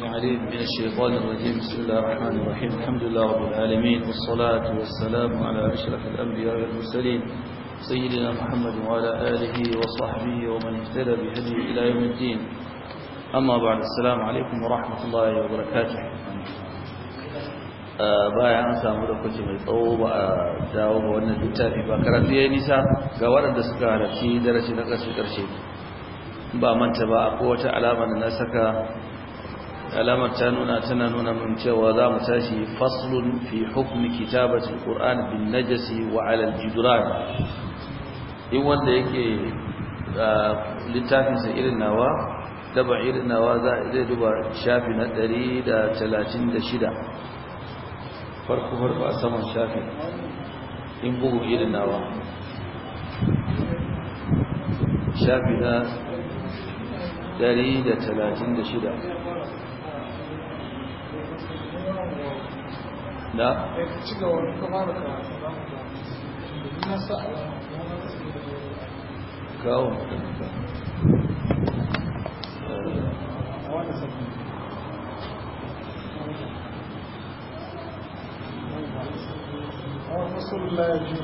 العليم من الشيطان الرجيم بسم الله الرحمن الرحيم الحمد لله رب العالمين والصلاة والسلام على أشرف الأنبياء والمرسلين سيدنا محمد وعلى آله وصحبه ومن اهتدى بهديه إلى يوم الدين أما بعد السلام عليكم ورحمة الله وبركاته bayan an samu lokaci mai tsawo ba a dawo ga wannan littafi ba karatu ya nisa ga waɗanda suka halarci darasi na ƙarshe ƙarshe ba manta ba akwai wata alama da na saka alamar ta nuna tana nuna mun cewa za mu tashi faslun fi hukmi kitabatul alquran bin najasi wa ala aljidran in wanda yake littafin sa irin nawa daba irin nawa zai duba shafi na 136 farko farko a saman shafi in bugu irin nawa shafi na 136 da kawo makaranta wasu la ya ji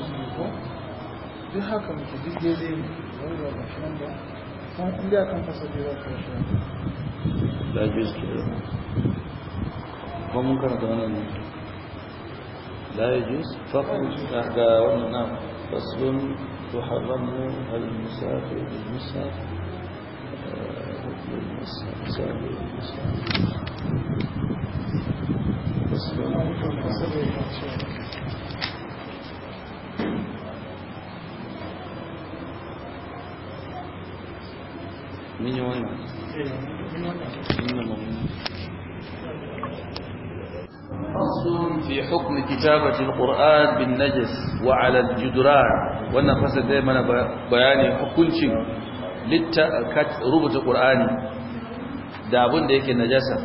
duk haka muke duk daidai wani da ba shi ba لا تنقص في ذلك الأشياء لا يجوز كده لا يجوز فقط أحدى نعم فصل تحرم المسافر المسافر المسافر آه، المسافر فصل mun yi wannan فصل في حكم كتابة القرآن بالنجس وعلى الجدران وانا فصل دائما بياني حكم شيء ربط da abin da yake najasa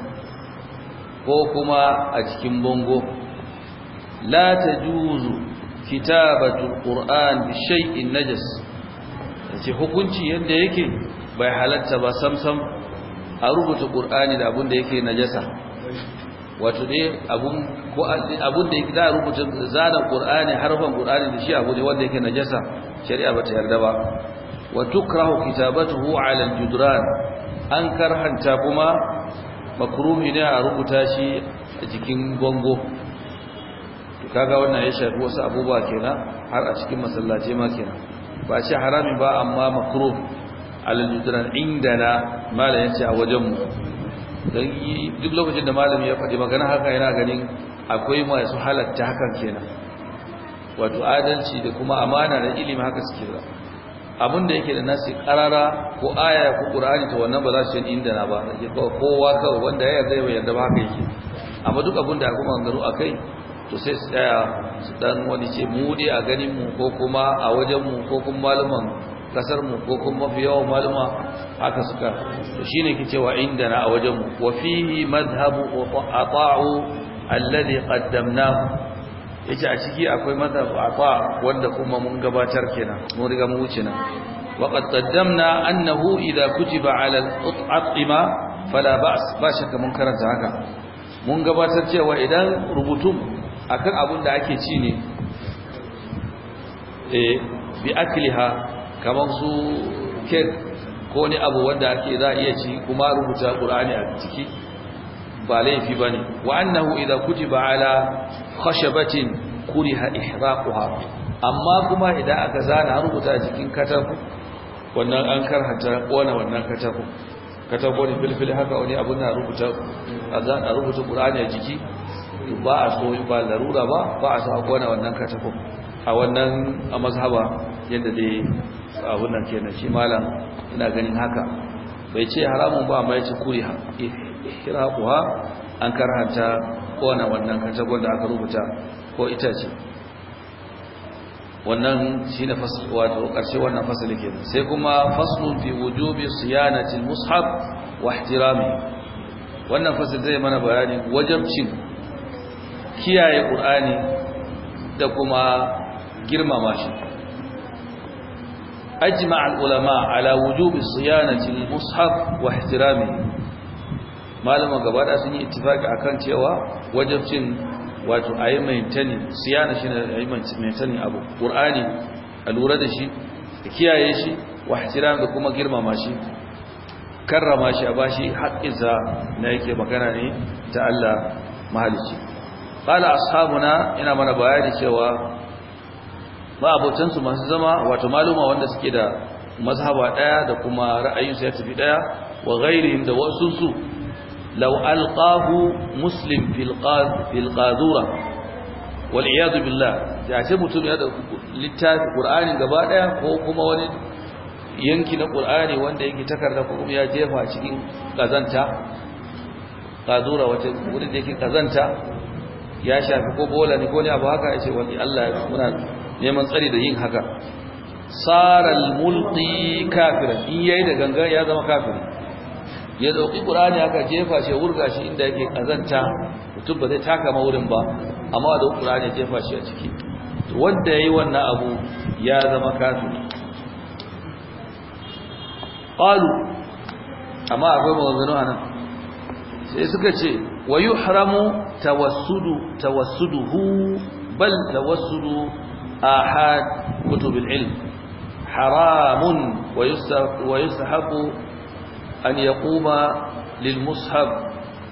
ko kuma a cikin bango. la tajuzu kitabatul qur'an bi shay'in najas ce hukunci yanda yake bai halatta ba samsam a rubuta ƙur'ani da abin da yake najasa wato dai abun ko abun da za a rubuta zanen ƙur'ani harfan ƙur'ani da shi abu ne wanda yake najasa shari'a ba ta yarda ba wa tukrahu kitabatuhu ala al an karhanta kuma makruhi ne a rubuta shi a jikin gongo. to kaga wannan ya shafi wasu abubuwa kenan har a cikin masallaci ma kenan ba shi harami ba amma makruh alal indana malam yace a wajen mu dan duk lokacin da malami ya faɗi magana haka yana ganin akwai masu halatta hakan kenan wato adalci da kuma amana da ilimi haka suke ba abin da yake da nasi karara ko aya ko qur'ani to wannan ba za su yi indana ba yake kowa ka wanda ya zai ya yarda ba haka yake amma duk abin da kuma gano akai to sai su tsaya su dan wani ce mu dai a ganin mu ko kuma a wajen mu ko kuma malaman kasar mu ko kuma mafi yawan malama haka suka shi shine ke inda na a wajen mu wa fihi madhhabu ata'u alladhi qaddamnahu yace a ciki akwai madhabu a ata wanda kuma mun gabatar kenan mun riga mun wuce nan wa qad qaddamna annahu idha kutiba ala al-at'ima fala ba's ba shakka mun karanta haka mun gabatar cewa idan rubutun akan abin da ake ci ne eh bi akliha kamar su kek ko ni abu wanda ake za iya ci kuma rubuta qur'ani a ciki ba laifi bane wa annahu idza kutiba ala khashabatin kuriha ihraquha amma kuma idan aka zana rubuta a jikin katako wannan an karhata kona wannan katako katako ne filfil haka wani abun na rubuta a zana rubuta qur'ani a jiki ba a so ba larura ba ba a so a kona wannan katako a wannan a mazhaba yadda dai abun nan kenan shi malam ina ganin haka bai ce haramun ba amma yace kira kuwa an karhanta kona wannan katagon da aka rubuta ko ita ce, wannan shi na fasl wato karshe wannan fasali kenan sai kuma faslun fi wujubi siyanati mushaf wa ihtirami wannan fasali zai mana bayani wajibcin kiyaye qur'ani da kuma girmama shi أجمع العلماء ala wujubi صيانة المصحف واحترامه malama gaba da sun yi ittifaki akan cewa wajibcin wato ayi maintani siyana shine ayi qur'ani a lura da shi kiyaye shi wa da kuma girmama shi karrama shi a bashi haƙƙinsa na yake magana ne ta Allah mahalici qala ashabuna ina mana bayani cewa Ba abotansu masu zama wato maluma wanda suke da mazhaba daya da kuma ra'ayinsu ya tafi daya wa ghairihim da wasu su law alqahu muslim fil qad fil qadura wal iyad billah ya ce mutum ya da littafi qur'ani gaba daya ko kuma wani yanki na qur'ani wanda yake takarda ko kuma ya jefa cikin kazanta qadura wace wurin da yake kazanta ya shafi ko bola ne ko ne abu haka ya ce wani Allah ya muna neman tsari da yin haka saral mulki kafiran in yayi da ganga ya zama kafiri ya dauki qur'ani aka jefa shi wurga shi inda yake kazanta mutum ba zai taka ma wurin ba amma da qur'ani jefa shi a ciki wanda yayi wannan abu ya zama kafiri qalu amma akwai maganganu anan sai suka ce wa yuhramu tawassudu tawassuduhu bal tawassudu آحاد كتب العلم حرام ويستحق أن يقوم للمصحب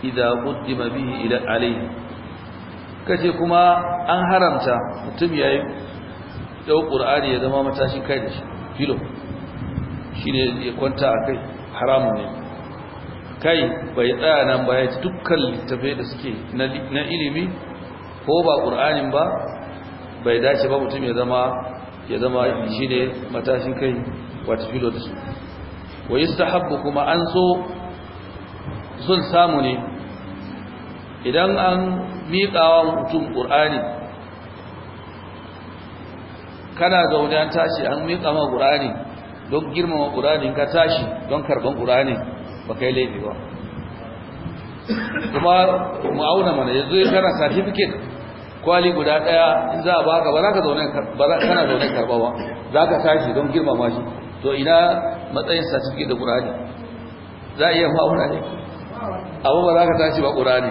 إذا قدم به عليه kace كما أنهرمت تبعي لو قرآن يدما qur'ani ya zama matashin kai da shi filo shine kai bai tsaya nan ba ya ci dukkan littafai da suke na ilimi ko ba ƙur'anin ba bai dace ba mutum ya zama ya zama matashin kai wata filo da su wa yustahabbu kuma an so sun samu ne idan an miƙawa mutum ƙur'ani kana zaune an tashi an miƙawa ƙur'ani don girmama ƙur'ani ka tashi don karɓan ƙur'ani ba kai laifi ba kuma ma'auna mana yanzu ya kara certificate kwali guda daya in za a baka ba za ka zaune ba za kana zaune karba ba za ka tashi don girmama shi to ina matsayin sa cikin da qur'ani za a iya fa'ura ne abu ba za ka tashi ba qur'ani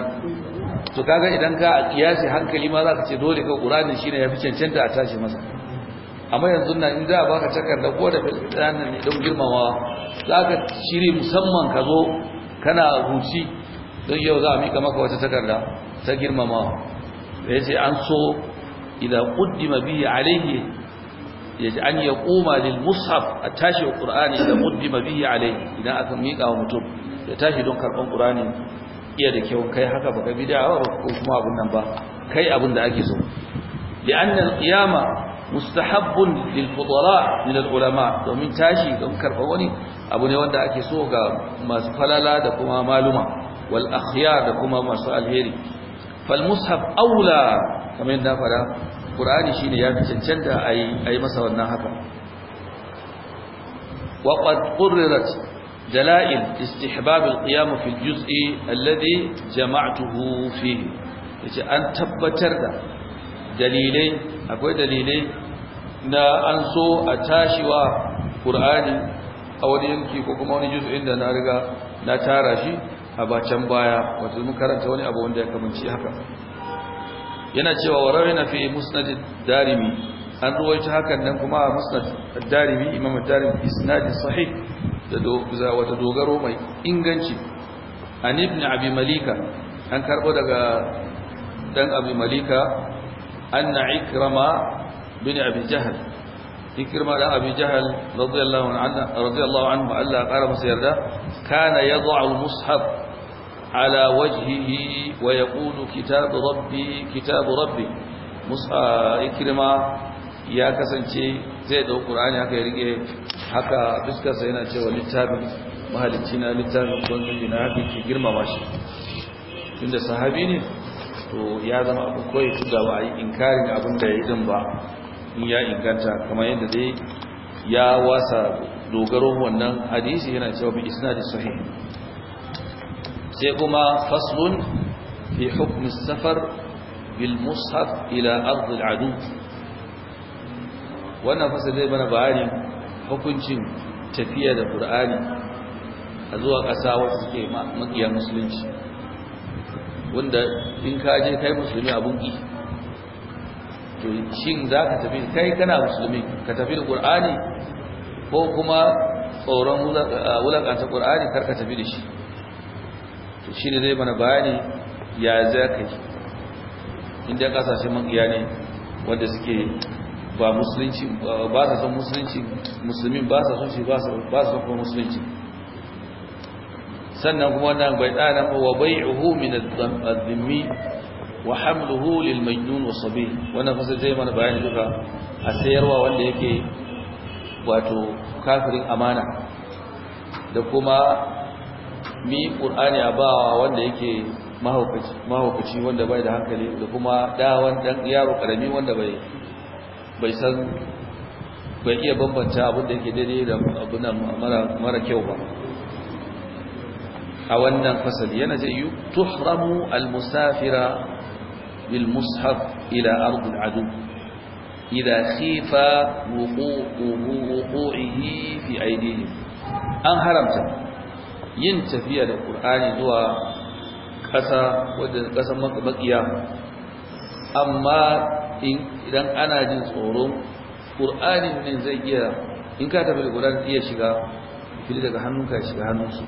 to kaga idan ka a kiyasi hankali ma za ka ce dole ka qur'ani shine yafi cancanta a tashi masa amma yanzu nan in za a baka takarda ko da fitanan ne don girmama za ka shiri musamman ka zo kana huci don yau za a mika maka wata takarda ta girmamawa ya ce an so idan ƙuddima biyu alaihi ya ji an ya koma lil a tashi ƙur'ani idan ƙuddima biyu alaihi idan aka miƙa wa mutum ya tashi don karɓar ƙur'ani iya da kyau kai haka baka bida ko kuma abin nan ba kai abin ake so لأن القيامة مستحب للفضلاء من العلماء domin tashi don karba wani abu ne wanda ake so ga masu falala da kuma maluma wal akhyar da kuma masu alheri falmushaf aula kamar yadda fara qur'ani shine ya fi cancanta a yi masa wannan haka wa qad qurrat dalail istihbab alqiyam fi aljuz'i alladhi jama'tuhu fihi yace an tabbatar da dalilai akwai dalilai na an so a wa ƙur'ani a wani yanki ko kuma wani juz'in da na riga na tara shi a can baya wato mun karanta wani abu wanda ya kamanci haka yana cewa warawina fi musnad darimi an ruwaito hakan nan kuma a musnad darimi imam darimi isnad sahih da wata dogaro mai inganci an ibn abi malika an karbo daga dan abi malika anna ikrama bin abi jahl ikirma da abi jahal radiyallahu anhu Allah ya kara masa yarda kana ya al-mushaf ala wajhihi wa kudu kitabu rabbi kitabu rabbi musa ikirma ya kasance zai dau qur'ani haka ya rike haka fuskarsa yana cewa littafin mahalicci na littafin gwamnati na haka ke girmama shi tunda sahabi ne to ya zama abu koyi tuga ba a yi inkarin abin da ya yi din ba in ya inganta kamar yadda dai ya wasa dogaro wannan hadisi yana cewa bi isnadi sahih sai kuma faslun fi hukm safar bil mushaf ila ard al adu wannan fasali zai bana bayani hukuncin tafiya da qur'ani a zuwa ƙasa wacce take makiya musulunci wanda in ka je kai musulmi abun ki to shin za ka tafi kai kana musulmi ka tafi da ko kuma tsoron wulakanta ƙur'ani kar ka tafi da shi to shi ne zai mana bayani ya za ka yi inda ƙasashen makiya ne wanda suke ba musulunci ba sa son musulunci musulmin ba sa son shi ba sa son kuma musulunci sannan kuma wannan bai ɗana wa bai'uhu min adh-dhimmi wa hamluhu lil majnun wa sabi wannan fasa zai mana bayani duka a sayarwa wanda yake wato kafirin amana da kuma mi qur'ani a bawa wanda yake mahaukaci mahaukaci wanda bai da hankali da kuma dawan dan yaro karami wanda bai bai san bai iya bambanta abin da yake daidai da abin mara mara kyau ba a wannan fasali yana zai yi tuhramu almusafira بالمصحف إلى أرض العدو إذا خيف وقوعه, وقوعه في أيديهم أن حرمت ينتفي القرآن دوا قسى قسى مقيا أما إذن أنا جنس أورو قرآن من زي in ka tafi da Qur'ani iya fili daga hannunka ya shiga hannunsu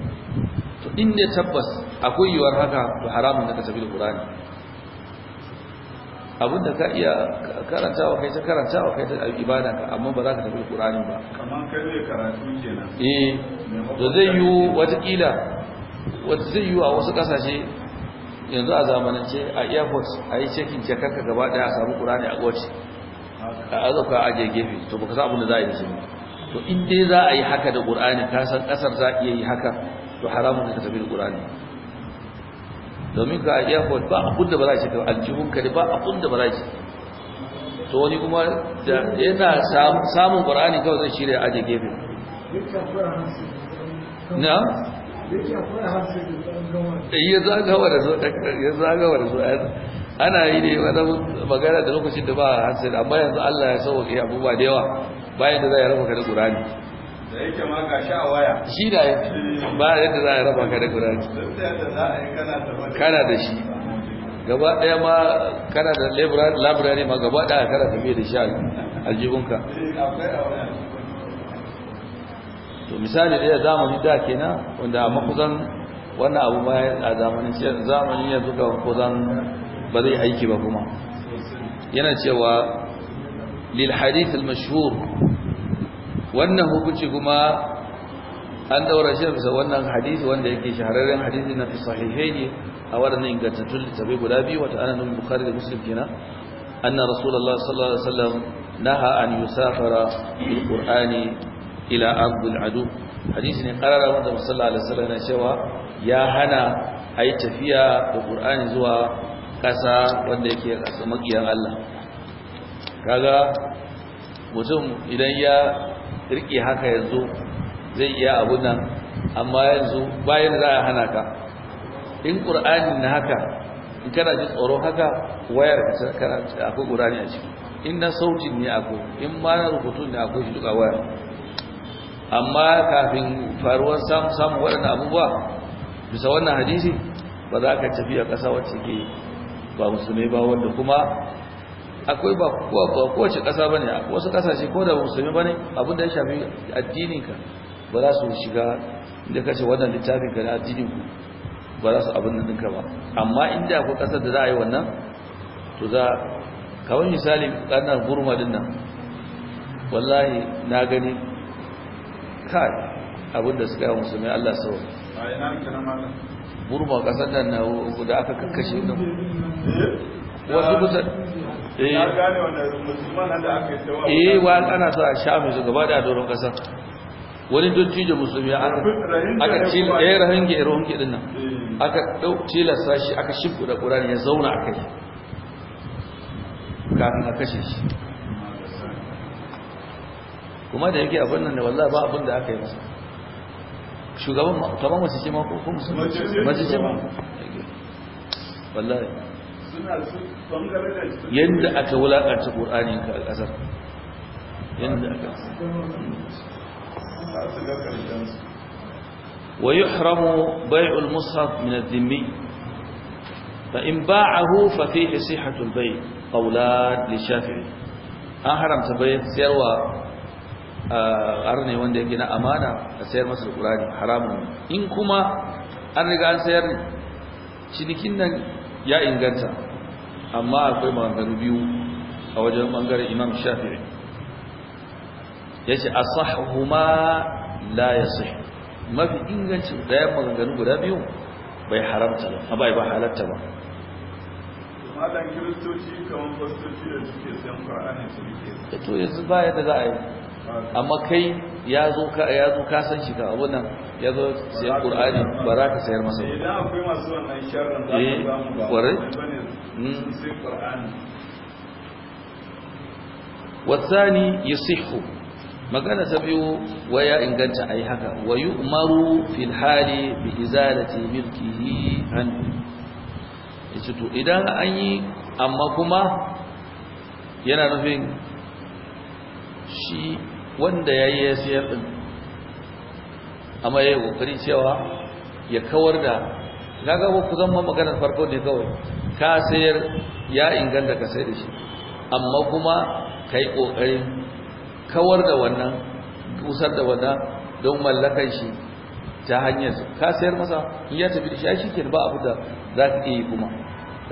to in ne tabbas akwai yiwuwar haka ba haramun da tafi da Qur'ani abin da ka iya karantawa kai ta karantawa kai ta ibada ka amma ba za ka tafi Qur'ani ba kamar kai ne karatu kenan eh to zai yi kila wata zai yi a wasu kasashe yanzu a zamanance a airport a yi cekin ka gaba daya a samu Qur'ani a gwaci a azuka a gefe to baka san abin da za a yi shi to in dai za a yi haka da Qur'ani ka san kasar za a iya yi haka to haramun ka tafi da Qur'ani domin ka aje ko ba abun da ba za shi ka aljihun ka ba abun da ba za shi to wani kuma da yana samun qur'ani kawai zai shirya ajiye gefe na eh, ya zagawa da su ya zagawa da su ana yi ne wani magana da lokacin da ba a hansu amma yanzu Allah ya sauke abubuwa da yawa bayan da zai rafa ka da qur'ani da yake ma ga sha waya shi da ba yadda za a raba ka da kuraki kana da shi gaba ɗaya ma kana da labirari ma gaba ɗaya kana tafiye da shi aljihunka eh, to misali da zamani da kenan wanda makusan wannan abu ba a zamanin zamani yanzu ga kusan ba zai aiki ba kuma yana cewa lil hadith al wannan hukunci kuma an daura shi bisa wannan hadisi wanda yake shahararren hadisi na fi sahihaini a waɗannan ingantattun littafai guda biyu wata ana nan bukari da muslim kenan anna rasulullah sallallahu alaihi wasallam naha an yusafara bil qur'ani ila abdul adu hadisi ne karara wanda sallallahu alaihi wasallam yana cewa ya hana ai tafiya da qur'ani zuwa ƙasa wanda yake ƙasa makiyan Allah kaga mutum idan ya riƙe haka yanzu zai iya abun nan amma yanzu bayan za a hana ka in ƙur'ani na haka in kana ji tsoro haka wayar ka kana akwai a ciki in na sautin ne akwai in ma na rubutu ne akwai shi duka wayar amma kafin faruwar samun samun waɗannan abubuwa bisa wannan hadisi ba za ka tafi a ƙasa wacce ke ba musulmi ba wanda kuma akwai ba kowace ƙasa ba ne wasu ƙasashe ko da musulmi ba ne abinda ya shafi addininka ba za su shiga da kace wannan littafin ka na addininku ba za su abin da ninka ba amma inda akwai ƙasar da za a yi wannan to za ka wani misali ƙarnar burma din nan wallahi na gani kai abinda suka yi musulmi allah sau burma ƙasar nan na da aka kakkashe nan wasu kusa eh. eh wa ana so a sha mai su gaba da doron kasar wani dottijo musulmi aka cil ɗaya rahin ge eh, rahin ge dinnan eh. aka dauce tilasta shi aka da qur'ani ya zauna a kai kafin a kashe shi kuma da yake abin nan ne wallahi ba abin da aka yi masa shugaban tamam wasu shi ma ko musulmi mace shi ma wallahi suna yadda aka wulaƙanta ƙoranin ka a ƙasar yadda aka wa yi haramu bai'ul musaf min addimi Ba in ba'ahu fa fi sihatul bai qawlan li shafi'i an haramta bai bayan sayarwa arne wanda yake na amana a sayar masa alqur'ani haramun in kuma an riga an sayar ne cinikin nan ya inganta amma akwai maganganu biyu a wajen bangaren imam shafi'i a asahuma la yasih mafi ingancin ɗayan maganganu guda biyu bai haramta ba bai ba halatta ba kiristoci da to yanzu ba yadda za a yi amma kai ya zo ka ya zo ka san shi ka abun nan ya zo sai qur'ani ba za ka sayar masa idan akwai masu wannan sharrin za ka eh, ba mu ba hmm. sai qur'ani wasani yusihu magana ta biyu waya inganta ai haka wa yu'maru fil hali bi izalati milkihi an yace to idan an yi amma kuma yana nufin shi wanda ya yi ya siyar ɗin amma ya yi ƙoƙari cewa ya kawar da gaga ku zama maganar farko ne kawai ka sayar ya inganta ka sayar da shi amma kuma ka yi ƙoƙarin kawar da wannan kusar da wannan don mallakar shi ta hanyar ka sayar masa in ya tafi da shi shi ke ba abu da za ka iya yi kuma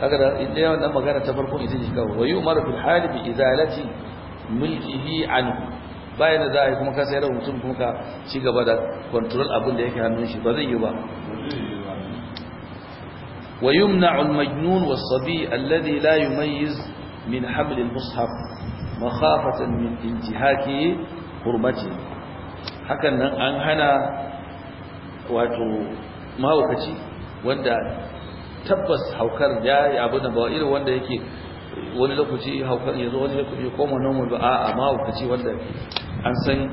daga da inda yawan magana ta farko ita ce kawai wa mara umaru fil hali bi izalati mulkihi anhu bayan da za a yi kuma ka sayar mutum kuma ka ci gaba da control abin da yake hannun shi ba zai yi ba wa yumna'u al-majnun Wasabi, sabi layu la yumayyiz min haml mushaf makhafatan min intihaki hurmati hakan nan an hana wato mahaukaci wanda tabbas haukar ya yi abu da ba irin wanda yake wani lokaci haukar ya zo wani lokaci koma normal ba a'a ma hukaci wanda an san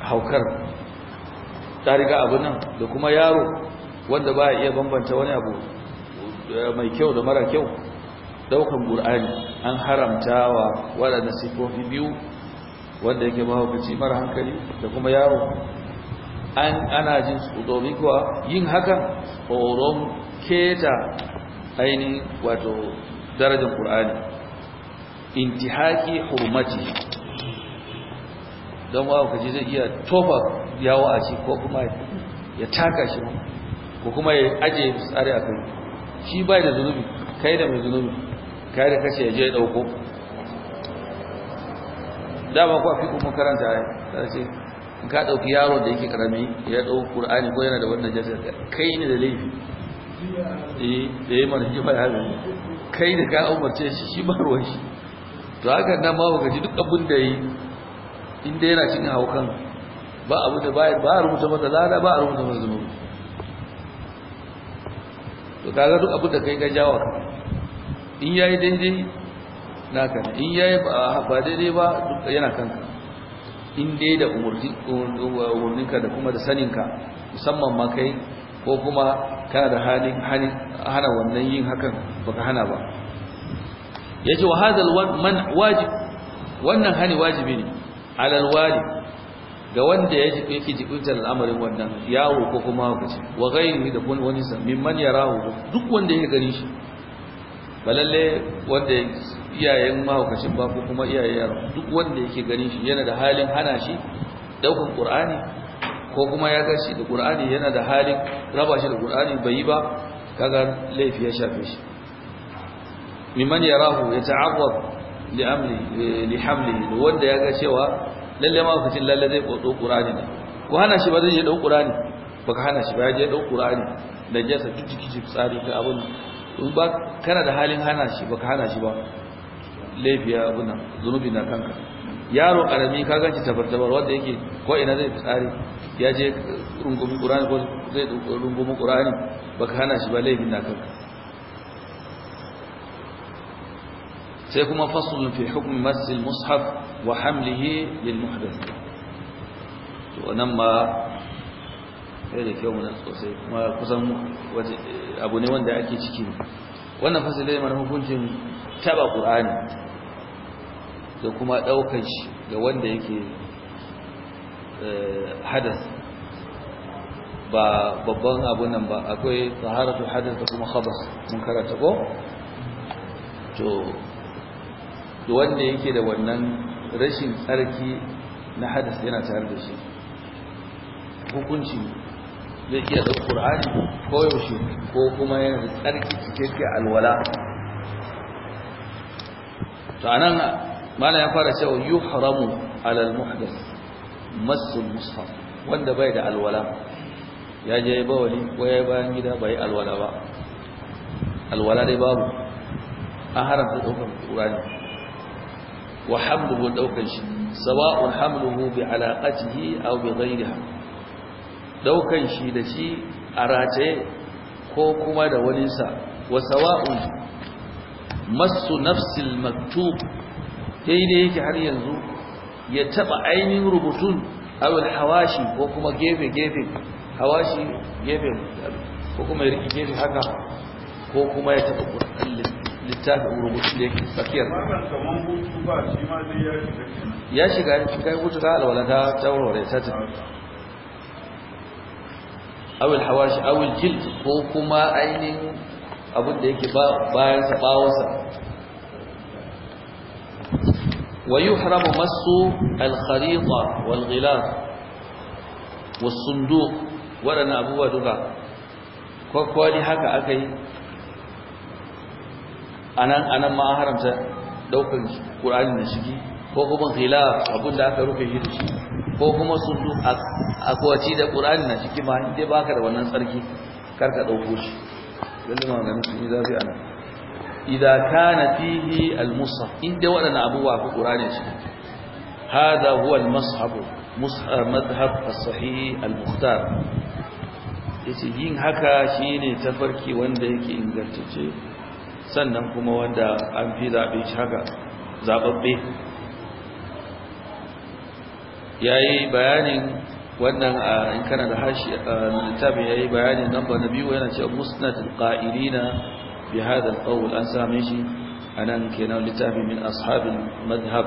haukar ta riga abu nan da kuma yaro wanda ba iya bambanta wani abu mai kyau da mara kyau daukan qur'ani an haramta wa waɗanda sifofi biyu wanda yake mahaukaci mara hankali da kuma yaro an ana jin tsoron kuwa yin hakan tsoron keta ainihin wato darajar qur'ani intihaki hurmati don wa kaji zai iya tofa yawo a shi ko kuma ya taka shi ko kuma ya aje tsare a kai shi bai da zunubi kai da mai zunubi kai da kace ya je ya dauko dama ko fi kuma karanta ai sai in ka dauki yaron da yake karami ya dau qur'ani ko yana da wannan jaza kai ne da laifi eh da yi mana shi bai haɗu kai da ka umarce shi shi ba ruwan shi to haka nan ma baka duk abin da yi inda yana cikin haukan ba abu da bayar ba rubuta masa lada ba rubuta masa zunubi to kaga duk abin da kai ga jawa in yayi daidai na ne in yayi ba daidai ba duk yana kanka in dai da umurninka da kuma da saninka musamman ma kai ko kuma kana da hana wannan yin hakan baka hana ba yace wa hadal man wajib wannan hani wajibi ne alal wali ga wanda ya yake ki al'amarin wannan yawo ko kuma hukunci wa ghairihi da kun wani min man yarahu duk wanda ya gani shi balalle wanda iyayen mahaukacin ba ko kuma iyayen yaro duk wanda yake gani shi yana da halin hana shi daukar qur'ani ko kuma ya gashi da qur'ani yana da halin raba shi da qur'ani bai yi ba kaga laifi ya shafe shi mimman yarahu yata'awwab li amli eh, li hamli wanda yaga cewa lalle ma fitin lalle zai kodo qur'ani ne ko hana shi ba zai je dau qur'ani baka hana shi ba ya je dau qur'ani da jasa ciki ciki tsari ga abun in ba kana da halin hana shi baka hana shi ba lafiya abun nan zunubi na kanka yaro karami ka ganci tabartabar wanda yake ko ina zai tsari ya je rungumin qur'ani ko zai rungumin qur'ani baka hana shi ba laifin na kanka sai kuma faslun fi hukmi masil mushaf wa hamlihi lil muhdath to nan ma sai da kyau nan sosai kuma kusan abu ne wanda ake ciki ne wannan fasilai mana hukuncin taba qur'ani da kuma daukar shi ga wanda yake eh, hadas ba babban abu nan ba akwai taharatu hadas da kuma khabas mun karanta ko to to wanda yake da wannan rashin tsarki na hadas yana tare da shi hukunci zai iya da Qur'ani ko yaushe ko kuma yana da tsarki cikakke alwala to a nan mala ya fara cewa haramu alal muhdas masul mushaf wanda bai da alwala ya je ya bawali ko ya bayan gida bai alwala ba alwala dai babu an haramta daukar Qur'ani wa hamluhu daukan shi sawa'un hamluhu bi alaqatihi aw bi ghayriha daukan shi da shi a rataye ko kuma da waninsa wa sawa'un masu nafsil maktub daidai yake har yanzu ya taba ainihin rubutun aw hawashi ko kuma gefe gefe hawashi gefe ko kuma ya rike gefe haka ko kuma ya taba qur'an littafin rubutun da yake tsakiyar ya shiga ya shiga hutu ta alwala ta taurare ta tafi awil hawashi awil jild ko kuma ainihin abin da yake bayan sa bawansa Wayu yuhramu masu al-khariqa wal ghilaf waɗannan sunduq wadannan abubuwa duka kwakwali haka aka yi. anan anan ma an haramta daukan Qur'ani da shi ko kuma khilaf abin da aka rufe shi da shi ko kuma sundu akwaci da Qur'ani na ciki ma indai baka da wannan tsarki karka dauko shi lalle ma ganin shi zafi anan idan kana fihi al-mushaf indai wadannan abubuwa ku Qur'ani shi hada huwa al-mushaf madhhab as-sahih al-mukhtar yace yin haka shine tafarki wanda yake ingantacce sannan kuma wanda an fi zaɓe shi haka zaɓaɓɓe ya yi bayanin wannan a in kana da hashi littafin ya yi bayanin namba na biyu yana cewa musnad ƙa'ilina bi hadal ƙawul an same shi a nan kenan littafin min ashabin madhab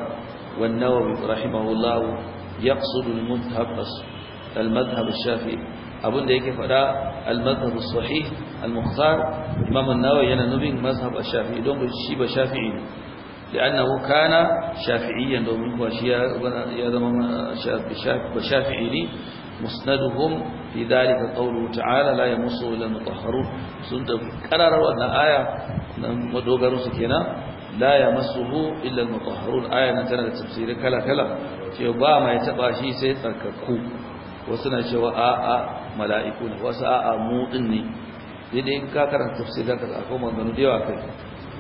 wannan wa rahimahullahu yaqsudu al-madhhab al shafi'i abin da yake faɗa al-mazhab as-sahih al-mukhtar imam an-nawawi yana nubin mazhab ash-shafi'i don shi ba shafi'i ne لانه كان شافعيا domin kuwa shi ya zama shafi'i ne musnaduhum fi dalika qawluhu ta'ala la yamassu illa mutahharun sun da kararar wannan aya nan madogarin su kenan la yamassuhu illa mutahharun aya nan tana da tafsiri kala kala cewa ba mai taba shi sai tsarkaku wasu na cewa a'a mala'iku ne wasu a'a mu din ne dai in ka karanta tafsir da ka ko manzon da yawa kai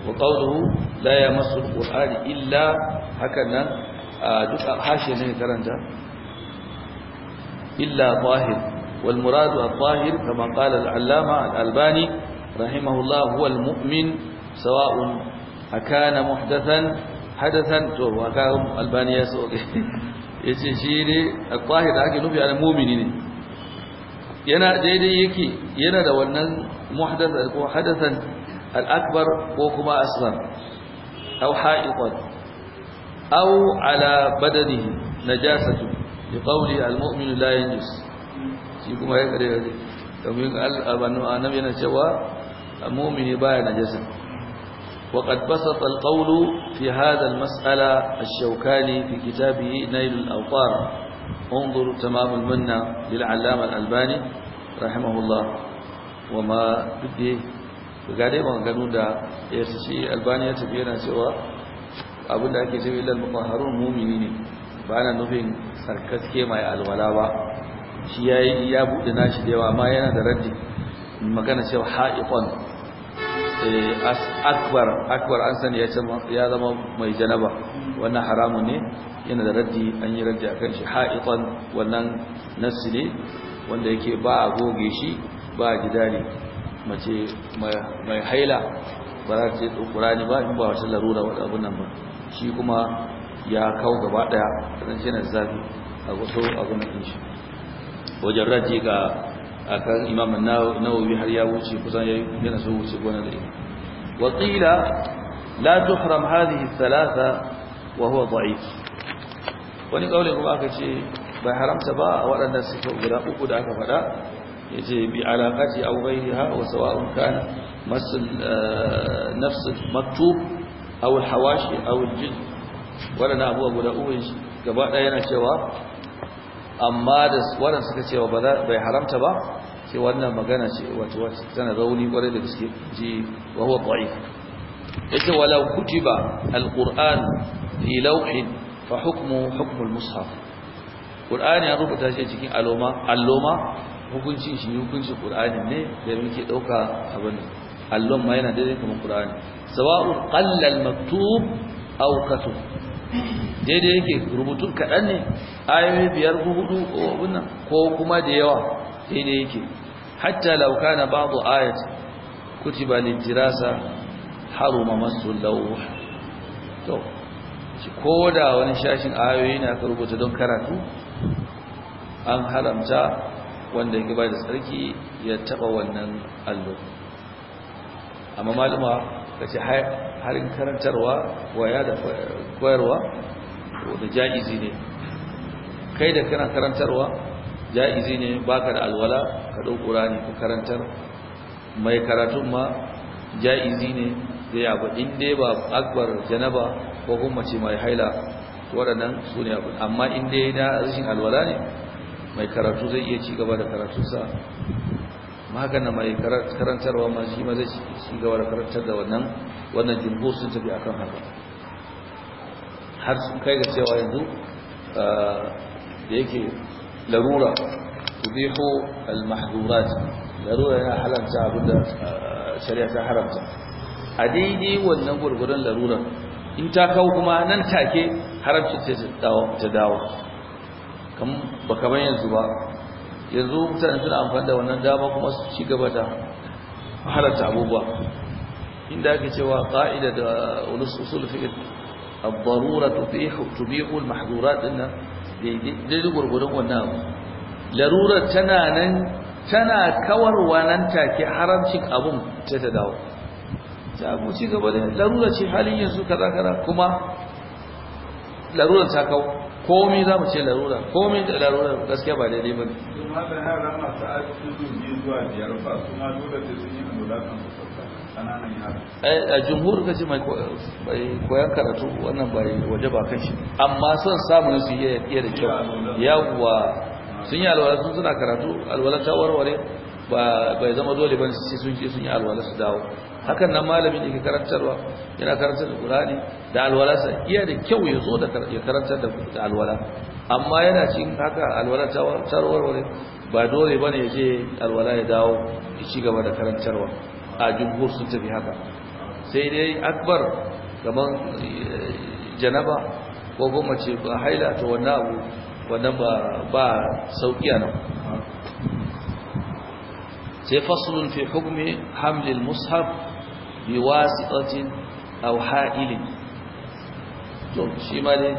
wa qawluhu la yamassu alquran illa hakan nan duka hashe ne karanta illa zahir wal murad al-zahir kama qala al-allama al-albani rahimahullah huwa al-mu'min sawa'un akana muhdathan hadathan to wa ka albani ya so ya ce shi ne a kwahi da ake nufi a mumini ne yana daidai yake yana da wannan muhadasa ko hadasan al'akbar ko kuma aslan au ha'iqan au ala badanihi najasatu bi qawli al-mu'minu layin jus, shi kuma ya kare domin al a nan yana cewa mu'mini baya na najasa وقد بسط القول في هذا المسألة الشوكاني في كتابه نيل الأوطار انظر تمام المنة للعلامة الألباني رحمه الله وما بده gade maganganu da ya ci albani ya tafi yana cewa abinda ake cewa illal mutahharun mumini ne ba na nufin sarkaske mai alwala ba shi yayi ya buɗe nashi da yawa ma yana da raddi magana cewa Eh, akbar akbar an sani ya zama mai janaba wannan haramun ne yana da raddi an yi raddi akan shi haifan wannan nassi ne wanda yake ba a goge shi ba a gidari mace mai haila ba za ta yi tsokurani ba in ba wata larura wata abin nan ba shi kuma ya kawo gaba daya kasance yana zafi a wasu abin nan shi wajen raddi ga akan imam nawawi har ya wuce kusan yana so wuce gona da ita. wa qila la tuhram hadhihi thalatha wa huwa da'if wani kaulin kuma aka ce bai haramta ba waɗannan sifa guda uku da aka faɗa yace bi alaqati aw ghayriha wa sawa'un kana masl eh, nafs maktub aw al hawashi aw al jild waɗannan abubuwa guda uku gaba ɗaya yana cewa amma da wannan suka ce ba bai haramta ba ke wannan magana ce wato wace tana rauni kwarai da gaske ji wa huwa da'if yace walau ba alquran fi lawhin fa hukumu hukmu almushaf qur'ani ya rubuta shi cikin aloma alloma hukuncin shi hukuncin qur'ani ne da muke ɗauka abin allon ma yana daidai kamar qur'ani sawa'un qalla almaktub aw katub daidai yake rubutun kaɗan ne ayoyi biyar hudu ko kuma da yawa daidai yake hatta lauka na babu ayat kutiba littirasa haruma masu lauwa to ko da wani shashin ayoyi na karbuta rubuta don karatu an haramta wanda yake bai da tsarki ya taba wannan allo amma malama kace harin karantarwa waya da koyarwa da jaizi ne kai da kana karantarwa jaizi ne baka da alwala ka dau qur'ani ku karantar mai karatun ma jaizi ne da abu in ba akbar janaba ko kuma ce mai haila wadannan su ne abu amma in dai na rashin alwala ne mai karatu zai iya ci gaba da sa? magana mai karantarwa ma shi ma zai shi ga da karantar da wannan wannan jimbo sun tafi akan haka har sun kai ga cewa yanzu ah, da yake larura tubihu al-mahdurat larura yana halarta da ah, shari'a ta haramta a daidai wannan gurgurun Larura in ta kawo kuma nan take haramci ta dawo kamar yanzu ba yanzu mutane suna amfani da wannan dama kuma su ci gaba da halarta abubuwa inda ake cewa ƙa'ida da usul fi'il ad-darura tubihu tubihu al-mahdhurat dinna daidai gurgurun wannan abu larurar tana nan tana kawarwa nan take haramcin abun sai ta dawo ta abu ci gaba da larurar ce halin yanzu kaza kaza kuma larurar ta kawo komai za mu ce larura komai da larura gaskiya ba daidai ba ne a jumhur gaji mai koyan karatu wannan bai waje ba kan shi amma son samun su yi yadda kyau yawwa sun yi alwala sun suna karatu alwala ta warware bai zama dole ba sai sun je sun yi alwala su dawo hakan nan malamin yake karantarwa yana karantar da Qur'ani da alwala sa iya da kyau ya zo da ya karantar da alwala amma yana cikin haka alwala ta tarwarware ba dole bane ya je alwala ya dawo ya ci gaba da karantarwa a jumhur sun tafi haka sai dai akbar kaman eh, janaba ko kuma ce ba haila to wannan abu wannan ba ba sauki nan sai faslun fi hukmi hamlil mushaf bi wasitatin au ha'ilin to shi ma ne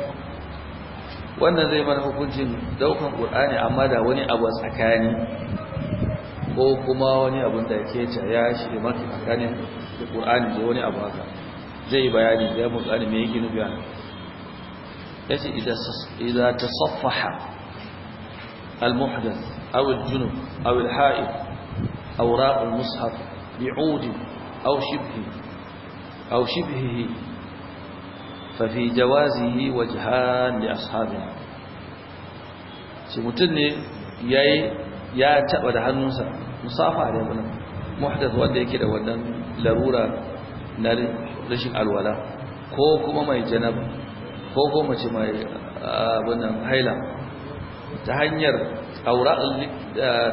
wannan zai mana hukuncin daukan qur'ani amma da wani abu tsakani ko kuma wani abun da ke ta ya shi maka tsakanin qur'ani da wani abu haka zai yi bayani da mu qur'ani me yake nufi ana yace idan ta tasaffaha al-muhdath Awil al-junub aw al أوراق المصحف بعود أو شبه أو شبهه ففي جوازه وجهان لأصحابنا سمتني ياي يا تبا da hannunsa musafa da wannan muhdath wanda yake da wannan larura na rashin alwala ko kuma mai janaba ko kuma mace mai abunan haila ta hanyar aura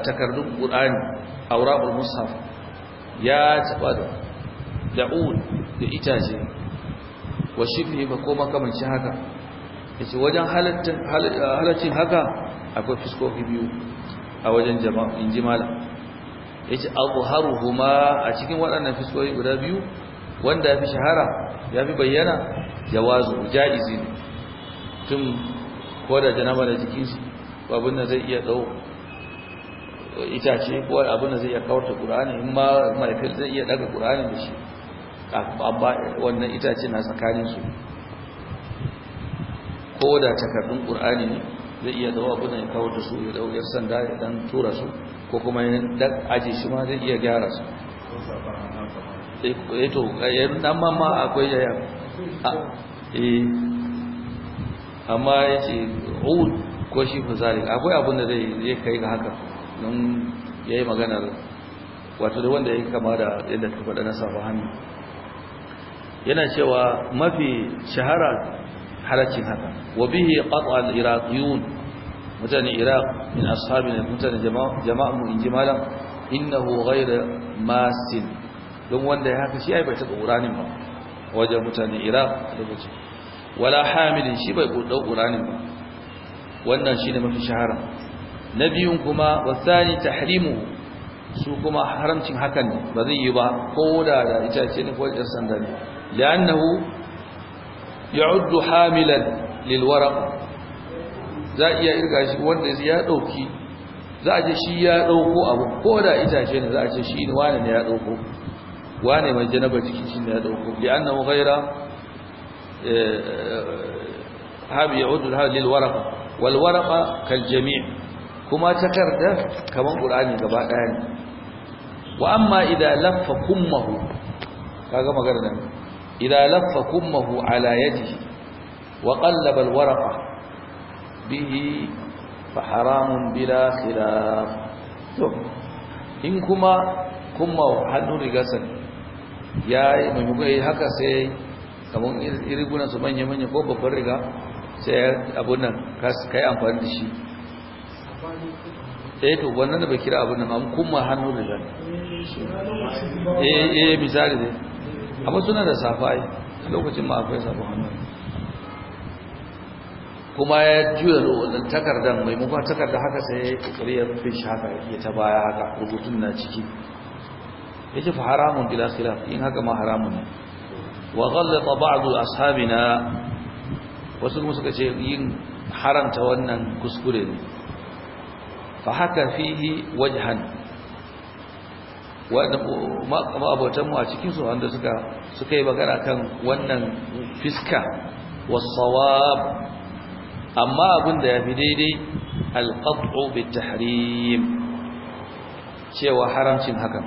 takardun qur'ani aurabul mushaf ya taba da da'ul da itace wa shifi ba ko shi haka yace wajen halaccin halaccin haka akwai fiskofi biyu a wajen jama'a in ji malam yace azharuhuma a cikin waɗannan fiskofi guda biyu wanda yafi shahara yafi bayyana jawazu jaizi tun ko da janaba da jikin shi babun nan zai iya dau itace ko abin da zai iya kawarta Qur'ani in ma marfil zai iya daga Qur'ani da shi amma wannan itace na tsakanin su ko da takardun Qur'ani ne zai iya dawo abin da ya kawar da su ya dawo yar sanda ya dan tura su ko kuma ya dan aje shi ma zai iya gyara su eh, eh to dan eh, ma ma akwai yaya eh amma yace ud ko shi fuzari akwai abin da zai kai ga haka Nun ya yi maganar wato da wanda ya yi kama da yadda ta faɗa na safa hannu yana cewa mafi shahara halaccin haka wa bihi qat'a al-iraqiyun mutane iraq min ashabina mutane jama'a mu injimalan innahu ghayra masin don wanda ya haka shi ai bai taɓa ƙuranin ba wajen mutane iraq da wala hamilin shi bai ɗau ƙuranin ba wannan shine mafi shahara na biyun kuma wasani tahrimu su kuma haramcin hakan ba zai yi ba ko da da ita ne ko da sanda ne li'annahu ya'ud hamilan lil waraq za iya irga shi wanda ya dauki za a ce shi ya dauko abu ko da itace ce ne za a ce shi ne wani ne ya dauko wani mai janaba jiki shi ne ya dauko li'annahu ghaira eh, eh, eh, habi ya'ud hal lil waraq wal waraq kal jami' kuma karda kamar qur'ani gaba daya ne wa amma idza laffa kummahu kaga magana nan idza laffa kummahu ala yadihi wa qallaba alwaraqa bihi fa haramun bila khilaf to in kuma kummahu hannun rigasan yayi mai haka sai kamar irigunan su manya manya ko babbar riga sai abun nan kai amfani da shi eh to wannan da bai kira abin nan amma kuma hannu da zan eh eh misali ne amma suna da safai lokacin ma akwai safai hannu kuma ya juya wannan takardan mai ba takarda haka sai kokari ya rufe shi haka ya ta baya haka rubutun na ciki yace fa haramun bila khilaf in haka ma haramun ne wa ghallata ba'd ashabina wasu suka ce yin haramta wannan kuskure ne Ba haka fihi wajhan wanda ma abotan mu a cikin su wanda suka suka yi magana kan wannan fiska was-sawab amma abin da yafi daidai al-qat'u bit-tahrim cewa haramcin haka.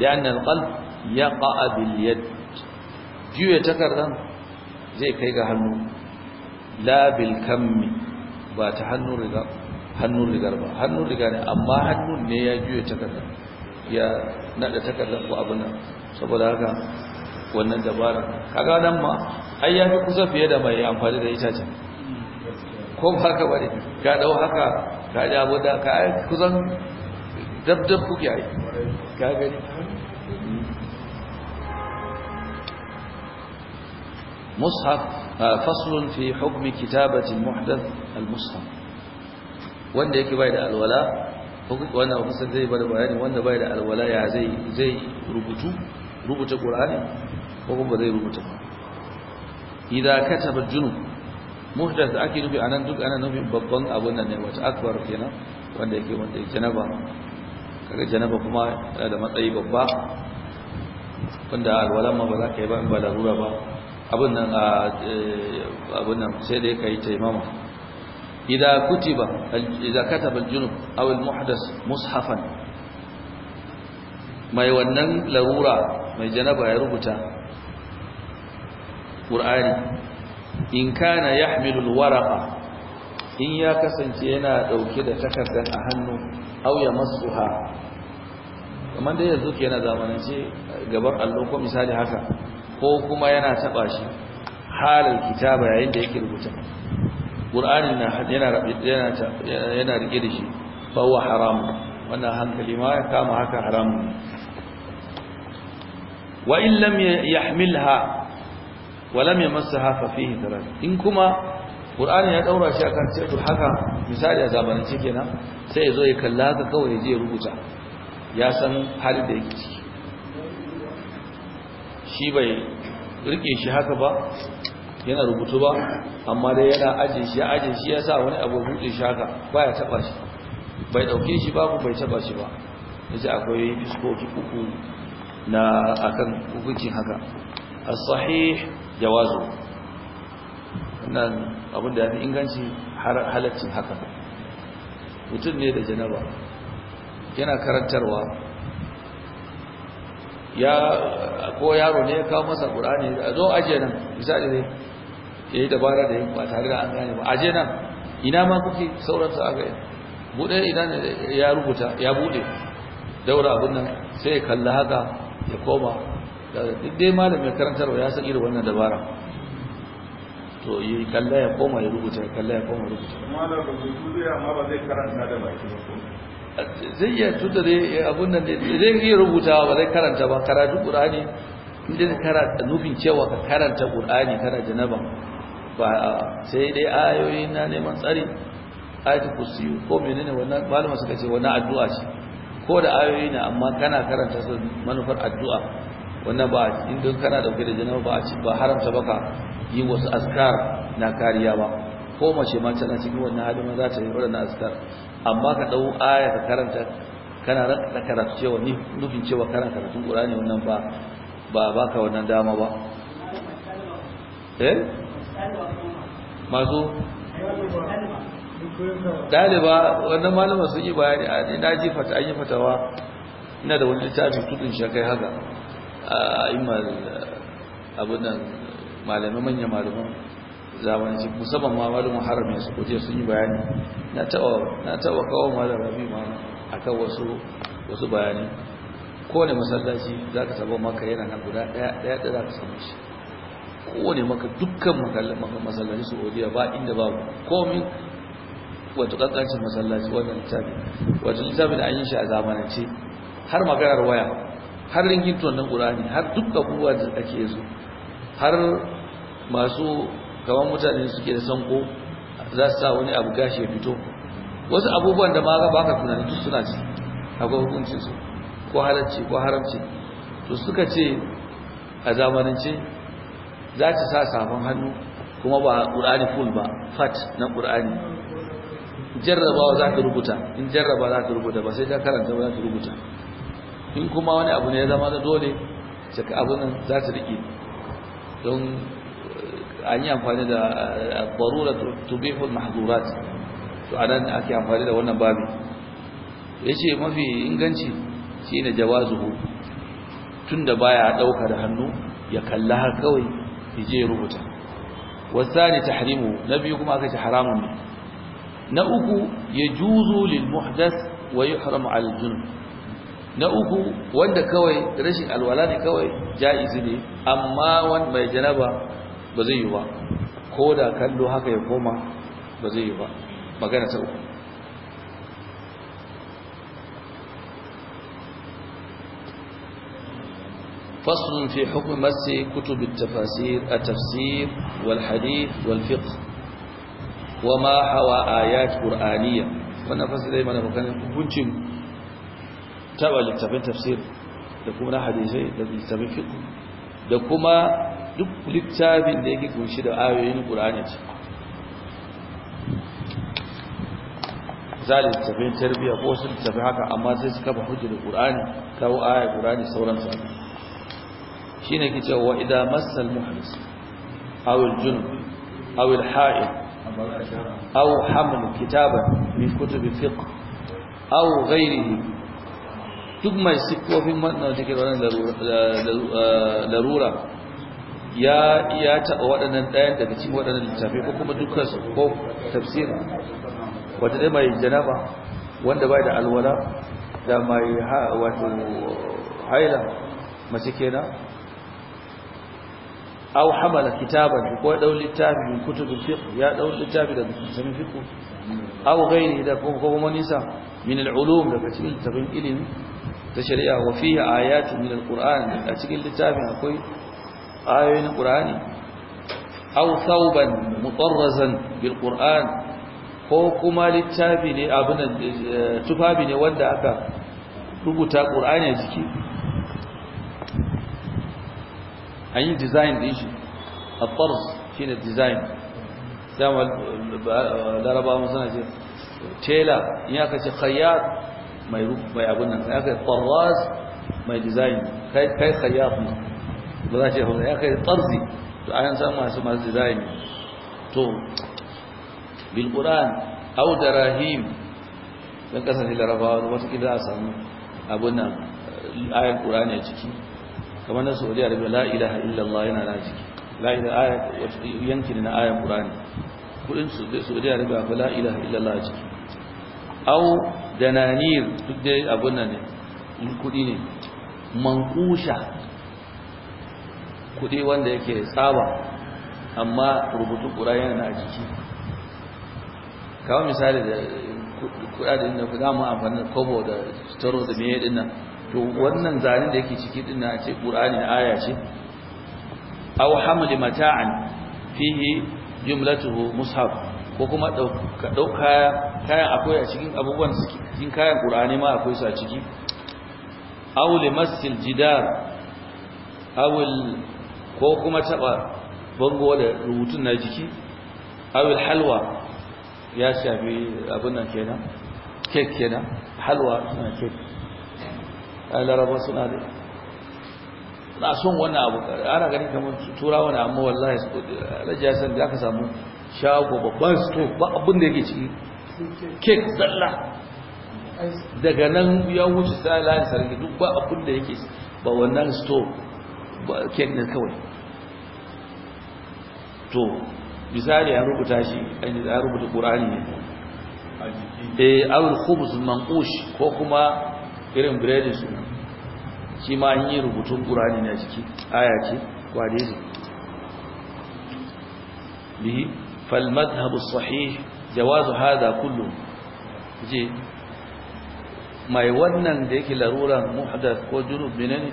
dan al-qalb yaqa bil juya takardan zai kai ga hannu la bil-kammi ba ta hannu riga hannun rigar ba hannun riga ne amma hannun ne ya juya takardar ya nada takardar ko abin nan saboda haka wannan dabara kaga nan ma ai ya fi kusa fiye da mai amfani da itace ko ba ka bari. ka dau haka ka ja abu ka ka kusan dab-dab kuke ai ka gani مصحف فصل في حكم كتابة المحدث المصحف wanda yake bai da alwala wannan ofisar zai bada bayani wanda bai da alwala ya zai zai rubutu rubuta qur'ani ko kuma zai rubuta idan kataba junub muhdath ake nufi anan duk anan nufi babban abun nan ne wata akbar kenan wanda yake wanda yake janaba kaga janaba kuma yana da matsayi babba wanda alwala ma ba za ka yi ba in ba larura ba abun nan ah, eh, abun nan sai dai ka yi taimama إذا كتب إذا كتب الجنوب أو المحدث مصحفا ما يوانن لغورا ما جنبه يربط قرآن إن كان يحمل الورقة إن يكسنت أو كده تكردا أهنو أو يمسها kaman da yanzu ke yana zamanance gaban allo ko misali haka ko kuma yana taba shi halal kitaba yayin da yake rubuta qur'ani na yana rike da shi fa haramu. wannan hankali ma ya kama haka haramun wa in lam yahmilha wa lam yamassaha fa fihi darar in kuma qur'ani ya daura shi akan ce to haka misali a zamanin ce kenan sai ya zo ya kalla haka kawai ya je rubuta ya san halin da yake ciki shi bai rike shi haka ba yana rubutu ba amma dai yana ajin shi ajin shi ya sa wani abu buɗe shaka, ba ya taɓa shi bai ɗauke shi babu bai taɓa shi ba Ya ce akwai iskoki uku na akan hukuncin haka A sahih jawazu nan abin da fi inganci halaccin haka mutum ne da janaba yana karantarwa ya ko yaro ne ya kawo masa ne a zo aje nan misali ne ya yi dabara da yin ba tare da an gane ba aje nan ina ma kuke sauran su aga bude ina ne ya rubuta ya bude daura abin nan sai ya kalla haka ya koma duk dai malam mai karantarwa ya san irin wannan dabara to yi kalla ya koma ya rubuta ya kalla ya koma ya rubuta malam rubutu zai amma ba zai karanta da baki ba zai iya tuta da abun nan zai yi rubutawa ba zai karanta ba karatu qur'ani inda zai karanta nufin cewa ka karanta qur'ani kana janaba sai dai ayoyi na neman tsari ayatul kursiyu ko menene wannan malama suka ce wannan addu'a ce ko da ayoyi ne amma kana karanta su manufar addu'a wannan ba in don kana dauke da janaba ba ba haramta baka yi wasu askar na kariya ba ko mace ma tana cikin wannan hali ma za ta yi wannan askar amma ka dau aya ka karanta kana raka karatu cewa ni nufin cewa kana karatun Qur'ani wannan ba ba baka wannan dama ba eh masu ɗaliba wannan malama sun yi bayani a ne na ji fata an yi fatawa ina da wani littafi tudun shakai haka a imar abin nan malamai manya malaman zamanci musamman ma malamin harami su kuje sun yi bayani na taɓa kawo malamai ma a kan wasu bayani kowane masallaci za ka saba maka yana nan guda ɗaya ɗaya za ka samu shi kowane maka dukkan su saudiya ba inda ba komin wata kankancin masallaci wannan littafi Wata littafi da an yi shi a zamanance har maganar waya har ringin tunan ƙurani har duk abubuwa da ake yanzu har masu kamar mutane suke da sanko za su sa wani abu gashi ya fito wasu abubuwan da ma baka tunanin duk suna ci akwai hukuncin ko halarci ko haramci to suka ce a zamanance za ta sa safan hannu kuma ba ƙur'ani full ba fat na ƙur'ani jarrabawa za ta rubuta in jarraba za ta rubuta ba sai ta karanta ba za ta rubuta in kuma wani abu ne ya zama na dole saka abin za ta riƙe don eh, an yi amfani da barura eh, tubihul mahzurat to a nan ake amfani da wannan babi ya ce mafi inganci shi ne jawazuhu tun da baya ɗauka da hannu ya kalla har kawai yaje rubuta wasani tahrimu nabi kuma aka ce haramun na uku yajuzu lil muhdath wa yuhram al junub na uku wanda kawai rashin alwala kawai jaizi ne amma wanda mai janaba ba zai yi ba ko da kallo haka ya koma ba zai yi ba magana ta uku فصل في حكم مس كتب التفاسير التفسير والحديث والفقه وما حوى آيات قرآنية ونفس دي من مكان كنتم تبع للتفين تفسير لكم حديثي للتفين فقه لكم duk littafin da yake kunshi da ayoyin Qur'ani ce zalim tafin tarbiya ko sun tafi haka amma sai suka ba hujjar Qur'ani kawo aya shine ke cewa idza massal muhlis aw al junub aw al ha'id aw haml kitaban min kutub fiqh aw ghayrihi duk mai sikofin wannan take wannan larura ya ya taba waɗannan ɗayan daga cikin wadannan littafi ko kuma dukkan su ko tafsiri wata dai mai janaba wanda bai da alwala da mai wato haila mace kenan aw hamala kitaban ko dau littafi min kutubul fiqh ya dau littafi daga sanin fiqh aw ghairi da ko ko wani sa min al-ulum daga cikin tabin ilimi ta shari'a wa fihi ayatu min al-qur'an a cikin littafin akwai ayoyin qur'ani aw thawban mutarrazan bil qur'an ko kuma littafi ne abin eh, tufafi ne wanda aka rubuta qur'ani a jiki an yi design din shi at-tarz shine design dama eh, larabawa suna ce tela in aka ce khayyat mai mai abun nan aka tarraz mai design kai kai khayyat ne ba za ce ya kai tarzi to an san masu masu design to bil qur'an aw darahim dan kasance larabawa wata kila a samu abun nan eh, ayar qur'ani a ciki kamar na saudi arabia la ilaha illallah yana na jiki la ilaha yanki na ayan qur'ani kudin saudi arabia ko la ilaha illallah a jiki au dananir duk dai abun nan ne kudi ne mankusha kudi wanda yake tsaba amma rubutu qur'ani yana na jiki kawai misali da kudaden da kuma amfani da kobo da storo da meye dinnan to wannan zanen da yake ciki din na ce qur'ani aya ce aw hamli mata'an fihi jumlatuhu mushaf ko kuma dauka dauka kayan akwai a cikin abubuwan cikin kayan qur'ani ma akwai su a ciki aw limassil jidar aw ko kuma taba bango da rubutun na jiki aw halwa ya shafi abin nan kenan kek kenan halwa na kek a larabar suna da na son wannan abu ana gani kamar tura wani amma wallahi rajiya san da aka samu shago babban sto ba abin da yake ciki kek zalla daga nan ya wuce sai layin sarki duk ba abin da yake ba wannan sto ba kek ne kawai to misali ya rubuta shi an ya rubuta ƙur'ani ne eh al khubz manqush ko kuma irin biredin su shi ma an yi rubutun ƙurani na jiki aya ce ko hadisi bihi fal Habu sahih jawazu hada kullum. Ji mai wannan da yake laruran muhdath ko junub menene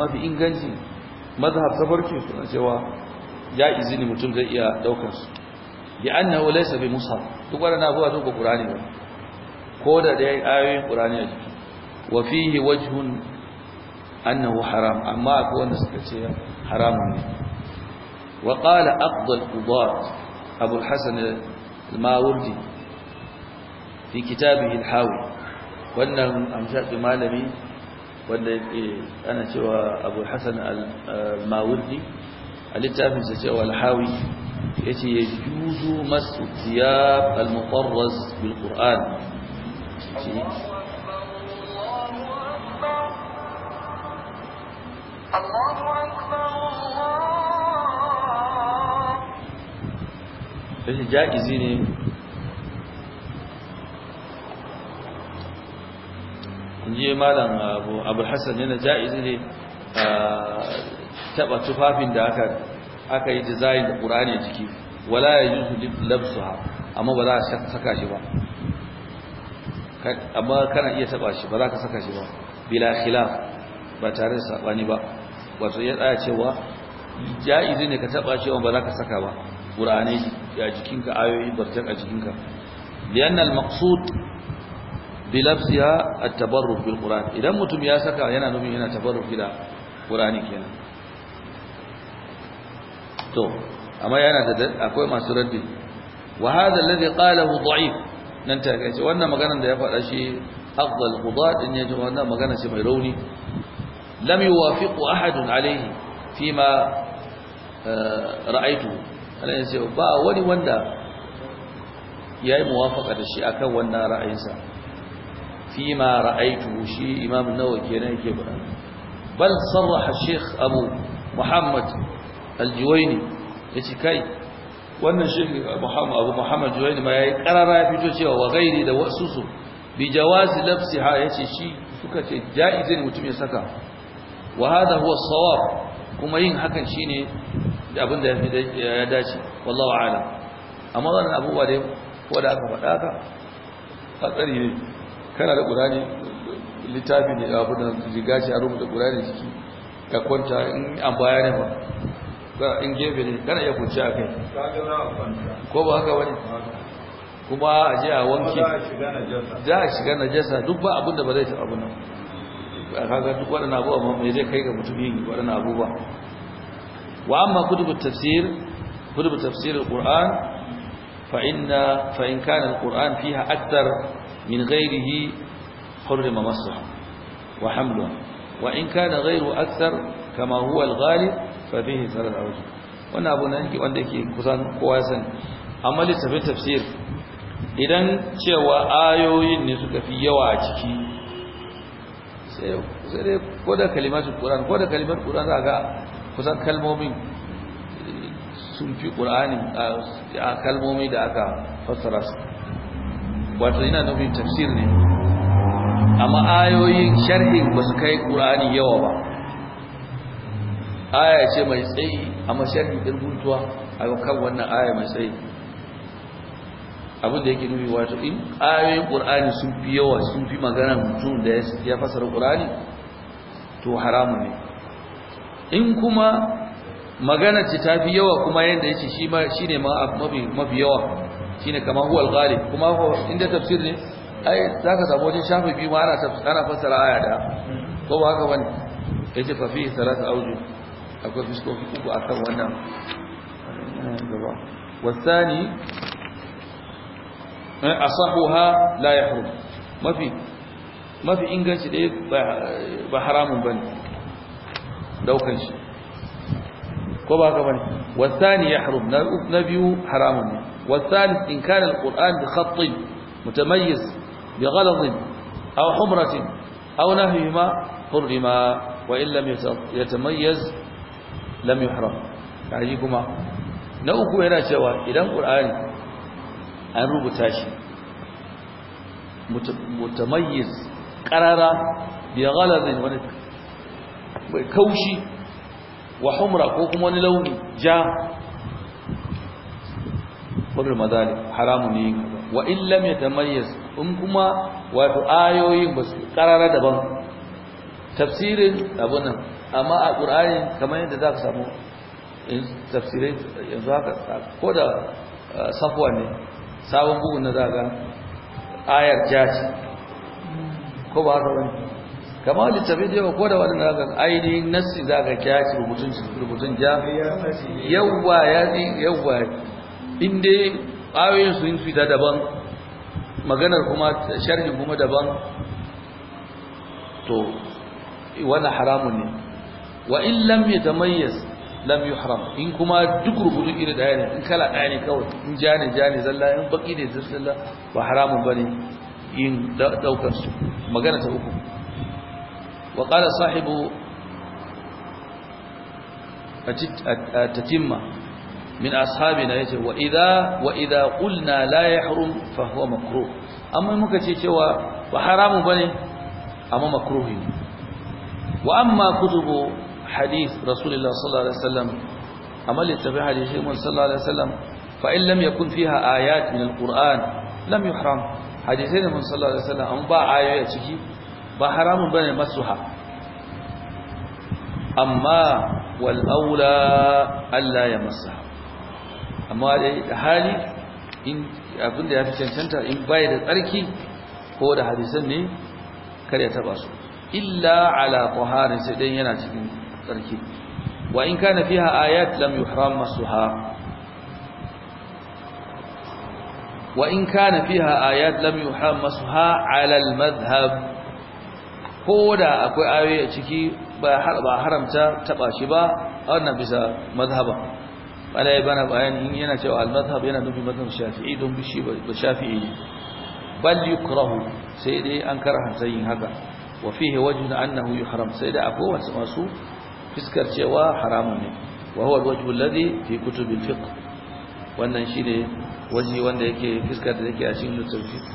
mafi inganci mazhab safarki suna cewa ya izini mutum zai iya daukar su bi annahu laysa bi mushaf duk wannan abuwa duk Qur'ani ne ko da dai ayoyin qur'ani a jiki wa fihi wajhun annahu haram amma akwai wanda suka ce haramun ne wa qala aqd al-qudat abu al al-mawardi fi kitabihi al-hawi wannan amshaɗi malami wanda yake ana cewa abu hasan al-mawardi a littafinsa cewa al-hawi yace yajuzu masu tiyab al-mutarraz bil qur'an shi ja'izi ne malam abu ja'izi ne taba tufafin da aka aka yi design da qur'ani jiki wala amma ba za a saka shi ba amma kana iya taba shi ba za ka saka shi ba bila khilaf ba tare da sabani ba wato ya tsaya cewa jaizi ne ka taba shi ba za ka saka ba qur'ani ya jikinka ayoyi barjak a jikinka lianna al-maqsud bi lafziha at-tabarruk bil qur'an idan mutum ya saka yana nufin yana tabarruki da qur'ani kenan to amma yana da akwai masu raddi wa hadha alladhi qalahu da'if nan ta gaji wannan maganar da ya faɗa shi afdal qudat in yaji wannan magana ce mai rauni lam yuwafiqu ahadun alayhi fima eh, ra'aytu alayhi sai ba wani wanda yayi muwafaqa da shi akan wannan ra'ayinsa fima ra'aytu shi imam an-nawawi kenan yake faɗa. bal sarraha shaykh abu muhammad al-juwayni yace kai wannan shi Abu Muhammad juwaini ma yayi karara ya fito cewa wa ghairi da wasu su bi jawazi ha yace shi suka ce ja'izin mutum ya saka wa hada huwa sawab kuma yin hakan shine abin da ya dace wallahu a'lam amma wannan abubuwa dai ko da aka faɗa ka tsari ne kana da qur'ani littafi ne abu da riga a rubuta qur'ani ciki ka kwanta in an baya ne ba ga in gefe ne kana iya kunce a kai ko ba haka wani kuma a je a wanki. za a shiga jasa. duk ba abinda ba zai taɓa abin nan a kaga duk waɗanda abubuwa ma mai zai kai ga mutum yin waɗanda abubuwa wa amma kutubu tafsir kutubu tafsir alquran fa inna fa in kana alquran fiha akthar min ghayrihi hurrima masruha wa hamluha wa in kana ghayru akthar kama huwa alghalib fabihi sarar a wannan abu na yake wanda yake kusan kowa ya sani amma littafin tafsir idan cewa ayoyin ne suka fi yawa a ciki sai dai ko da kalimatul qur'an ko da kalimar qur'an za ga kusan kalmomin sun fi qur'ani a kalmomi da aka fassara su wato ina nufin tafsir ne amma ayoyin sharhin ba su kai qur'ani yawa ba aya ce mai tsayi a masharhi din guntuwa a kan wannan aya mai tsayi abin da yake nufi wato in ayoyin qur'ani sun fi yawa sun fi magana mutum da ya fasara qur'ani to haramu ne in kuma magana ce ta fi yawa kuma ya ce shi ne mafi yawa shi ne kama huwa al kuma inda tafsir ne ai ka samu wajen shafi biyu ma ana tafsir aya da ko ba haka Ya ce fa fi thalath awjuh akwai fuskoki uku akan wannan gaba wasani eh, asahuha la ya mafi mafi inganci dai ba haramun bane daukan shi ko ba haka bane wasani ya yahrum na biyu haramun ne wasalis in kana alquran bi khatt mutamayyiz bi ghalad aw humrat aw nahima hurrima wa in lam yatamayyiz lam yuhram kaji kuma na uku yana cewa idan qur'ani an rubuta shi mutamayyiz qarara bi ghaladin wani bai kaushi wa humra ko kuma wani launi ja kullu madali haramun ne wa in lam yatamayyiz in kuma wato ayoyin ba su qarara daban tafsirin abun nan amma a ƙur'ani kamar yadda za ka samu tafsirai yanzu haka ko da eh, safuwa ne sabon bugun na zaga ayar jaci ko ba haka wani kama wani da yawa ko da wani zaga ainihin nassi zaga jaci rubutun rubutun ja yawwa ya ji yawwa inda ayoyin sun fita daban maganar kuma sharhin kuma daban to wani haramun ne wa in lam yatamayyiz lam yuhram in kuma duk rubutu iri daya ne in kala daya ne kawai in ja ne ja ne zalla in baki ne zalla ba haramun bane yin daukar su magana uku wa qala sahibu tatimma min ashabina yace wa idha wa idha qulna cewa ba haramun amma wa amma hadith rasulullah sallallahu alaihi wasallam amma littafi hadisi mun sallallahu alaihi wasallam fa in lam yakun fiha ayat min alquran lam yuhram hadisi mun sallallahu alaihi wasallam an ba ayoyi ciki ba haramun bane masuha amma wal aula alla yamassa amma dai hali in abinda ya fi cancanta in bai da tsarki ko da hadisai ne kar ya taba su illa ala taharin sai dan yana cikin tsarki wa in kana fiha ayat lam yuhram masuha wa in kana fiha ayat lam yuhram masuha ala al madhhab koda akwai ayoyi a ciki ba haramta taba shi ba wannan bisa madhhaba wala ibana bayan yana cewa al madhhab yana nufin madhhab shafi'i don bishi ba shafi'i bal yukrahu sai dai an karhanta yin haka wa fihi wajhu annahu yuhram sai da akwai wasu fiskar cewa haramun ne wa huwa alwajhu alladhi fi kutub alfiqh wannan shine waje wanda yake fiskar da yake a cikin littafin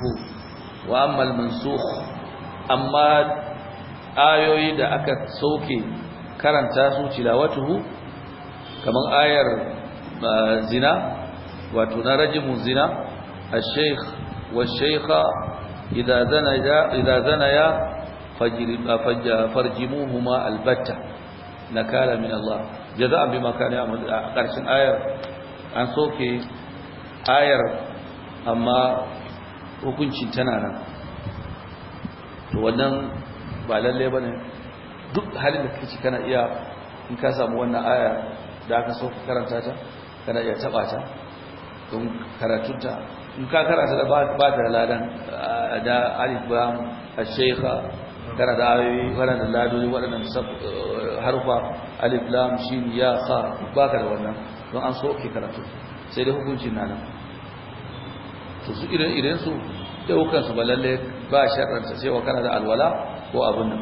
wa amma almansukh amma ayoyi da aka sauke karanta su tilawatuhu kaman ayar zina wato na rajimu zina al-shaykh wal-shaykha idza zanaya idza zanaya farjimuhuma albatta nakala min Allah jaza'an bima kana ya'malu a ƙarshen ayar an soke ayar amma hukuncin tana nan to wannan ba lalle bane duk halin da kake kana iya in ka samu wannan aya da aka so karanta ta kana iya taba ta don karatunta in ka karanta da ba da ladan da alif ba al sheikha kana da ayoyi waɗannan da ladoni waɗannan harfa alif lam shin ya kha baka da wannan don an so ke karatu sai dai nan to su su su ba lalle ba sai wa kana da alwala ko abun nan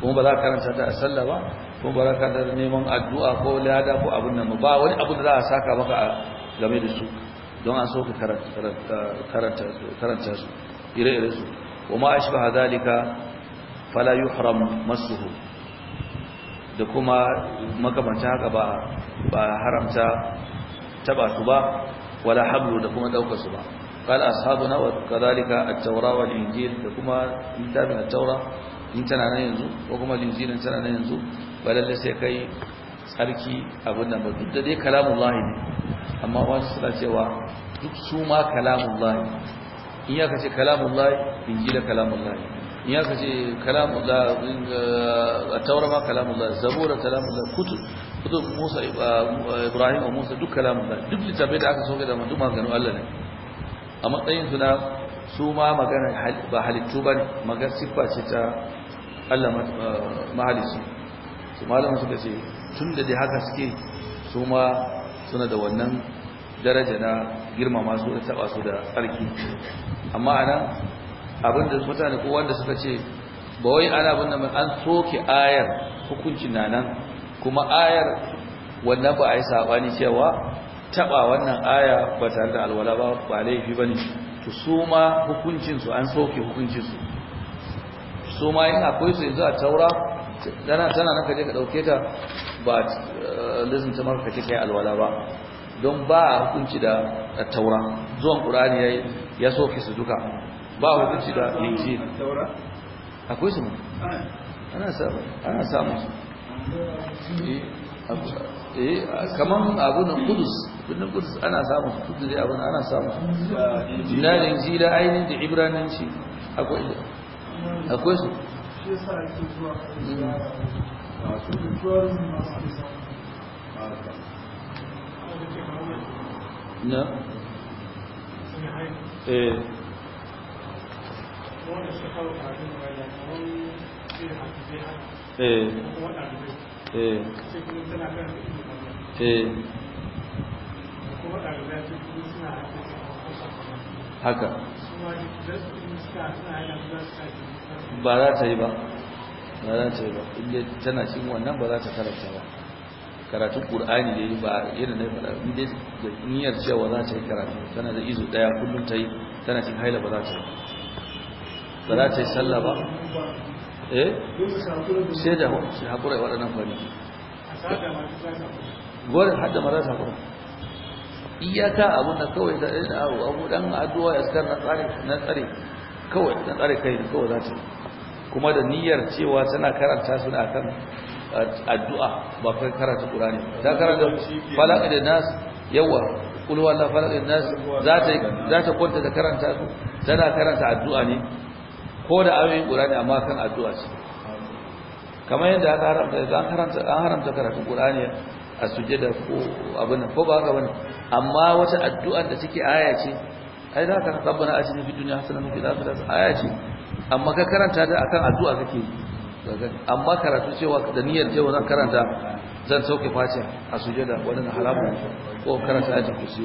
kuma ba za ka karanta ta ba kuma ba za ka da neman addu'a ko lada ko abun nan ba wani abu da za a saka maka game da su don an so karanta su ire-ire su masuhu da kuma makamancin haka ba ba haramta taba su ba wala hablu da kuma daukar su ba قال أصحابنا وكذلك nan yanzu. Ko kuma التوراة انتنا نينزو وكما الإنجيل انتنا نينزو sai kai tsarki abin nan ba duk da dai kalamullahi ne amma wasu suna cewa duk su ma kalamullahi in ya kace kalamullahi injila kalamullahi ya ka ce kalamullah a taura ma da zabura kalamullah kutu kutu musa ibrahim a musa duk kalamullah duk littafai da aka soke da duk maganu allah ne a matsayin su na su ma magana ba halittu ba ne magana siffa ce ta allah mahalisu su malamin suka ce tun da dai haka suke su ma suna da wannan daraja na girmama su da taba su da tsarki amma a abinda mutane ko wanda suka ce ba wai ana abinda an soke ayar hukuncin nan kuma ayar wannan ba a yi saɓani cewa taɓa wannan aya ba tare da alwala ba ba laifi ba ne to su ma hukuncinsu an soke hukuncinsu su ma yin akwai su yanzu a taura tana nan kaje ka ɗauke ta ba eh, lizin ta marka yi alwala ba don ba hukunci da taura zuwan ƙurani ya soke su duka ba hukunci da injil akwai su ana samun su eh, eh kaman abu nan kudus birnin kudus ana samu kudus kudus abu ana samu su na injila ainihin da ibrananci akwai da akwai su hmm. na eh Eh. Eh. haka ba za ta yi ba ba za ta yi ba inda tana cin wannan ba za ta karanta ba karatun ƙur'ani da yi ba irin da faɗa inda niyyar cewa za ta yi karatu tana da izu ɗaya kullum ta yi tana cin haila ba za ta yi ba za ta yi sallah ba eh sai da sai hakura waɗannan kwanaki gwarin hada ma za ta hakura iyaka abin da kawai da ɗin eh, abu ɗan addu'a ya tsar na tsare na tsare kawai na tsare kai ne kawai za ta kuma da niyyar cewa tana karanta su a kan addu'a ba kai karanta ne. ta karanta falak da nas yawa kulwa la falak da nas za ta kwanta da karanta su tana karanta addu'a ne ko da ayoyin qur'ani amma kan addu'a ce kamar yadda aka haramta an haramta an haramta karatun qur'ani a sujjada ko abin nan ko ba ga wani amma wata addu'a da take aya ce ai za ka rabbana ajini fi dunya hasanatan fi fil akhirati aya ce amma ka karanta ta akan addu'a kake amma karatu cewa da niyyar cewa zan karanta zan sauke fatiha a sujjada wannan haramun ko karanta ayatul kusi.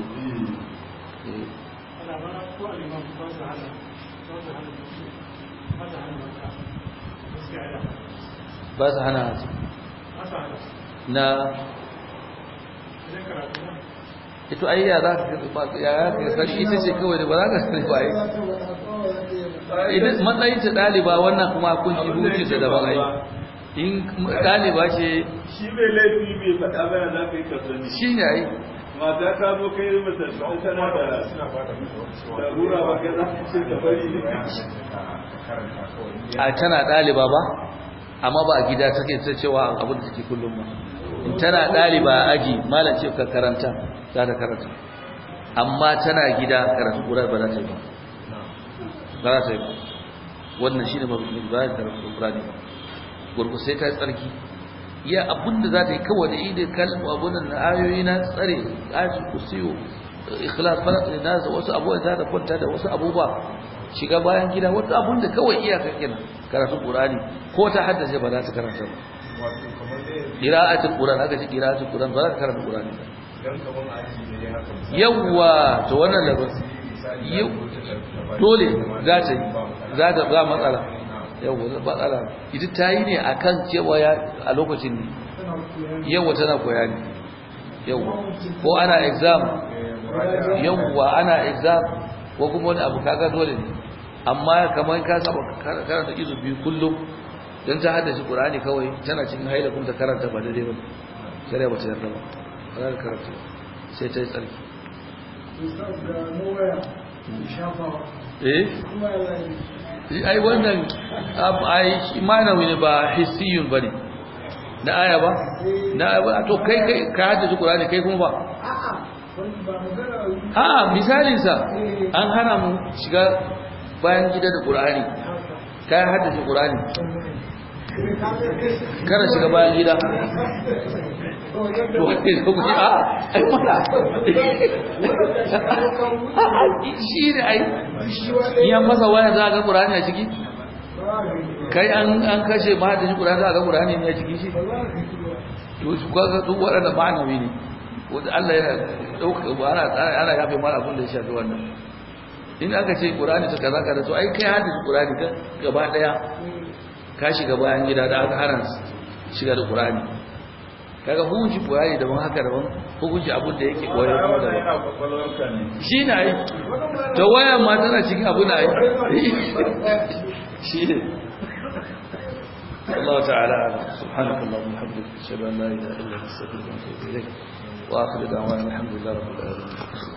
ba su hana su na ito ai ya za ka ya ka sashi ita ce kawai da ba za ka sai ba idan matsayin ta daliba wannan kuma kun ji hutu da daban ai in daliba ce shi bai laifi bai faɗa ba za ka yi kasani shi ne ai mata ta zo kai mata tana da da rura ba ka za ka ce ka bari ne a tana daliba ba amma ba a gida take ta cewa an abu da take kullum ba in tana ɗaliba a aji malam ce ka karanta za ta karanta amma tana gida karatu ƙura ba za ta yi ba ba za ta yi ba wannan shi ne mafi ba da karatu ƙura ne gurgu sai ta tsarki ya abinda za ta yi kawai da idan kalmu abunan na ayoyi na tsare ajin kusiyo ikhlas falak ne na wasu abubuwa za ta kwanta da wasu abubuwa shiga bayan gida wata abun da kawai iyaka kenan karatu qur'ani ko ta haddace ba za ta karanta ba qira'atul qur'an aka a qira'atul qur'an ba za ka karanta qur'ani yawwa to wannan labar dole za ta yi za ta ba matsala yawwa matsala ita ta yi ne akan cewa a lokacin ne yawwa tana koya ne yawwa ko ana exam eh, yawwa ana exam ko kuma wani abu kaga dole ne amma kamar ka saba karanta izu biyu kullum don ta haddace qur'ani kawai tana cikin haila kuma ta karanta ba daidai ba sai ba ta yarda ba ba karanta sai ta yi tsarki eh ai wannan ai manawi ne ba hissiyun bane na aya ba na aya to kai kai ka haddace qur'ani kai kuma ba a'a misalin sa an hana mu shiga bayan gida da ƙur'ani ka haddace ƙur'ani kada shiga bayan gida wanda ya kuma a ai mata shi ne ai yan masa waya za a ga ƙur'ani a ciki kai an kashe mahadin ƙur'ani za a ga ƙur'ani ne a ciki shi to su kwaga duk waɗanda ma'anawi ne wanda Allah ya ɗauka ana yafe mara abin da ya shafi wannan in aka ce ƙurani ta kaza kaza to ai kai hadisi ƙurani ka gaba daya ka shiga bayan gida da aka haran shiga da qur'ani kaga hukunci qur'ani daban haka daban hukunci abin da yake koyo kuma daban shi na yi to waya ma tana cikin abu na yi shi ne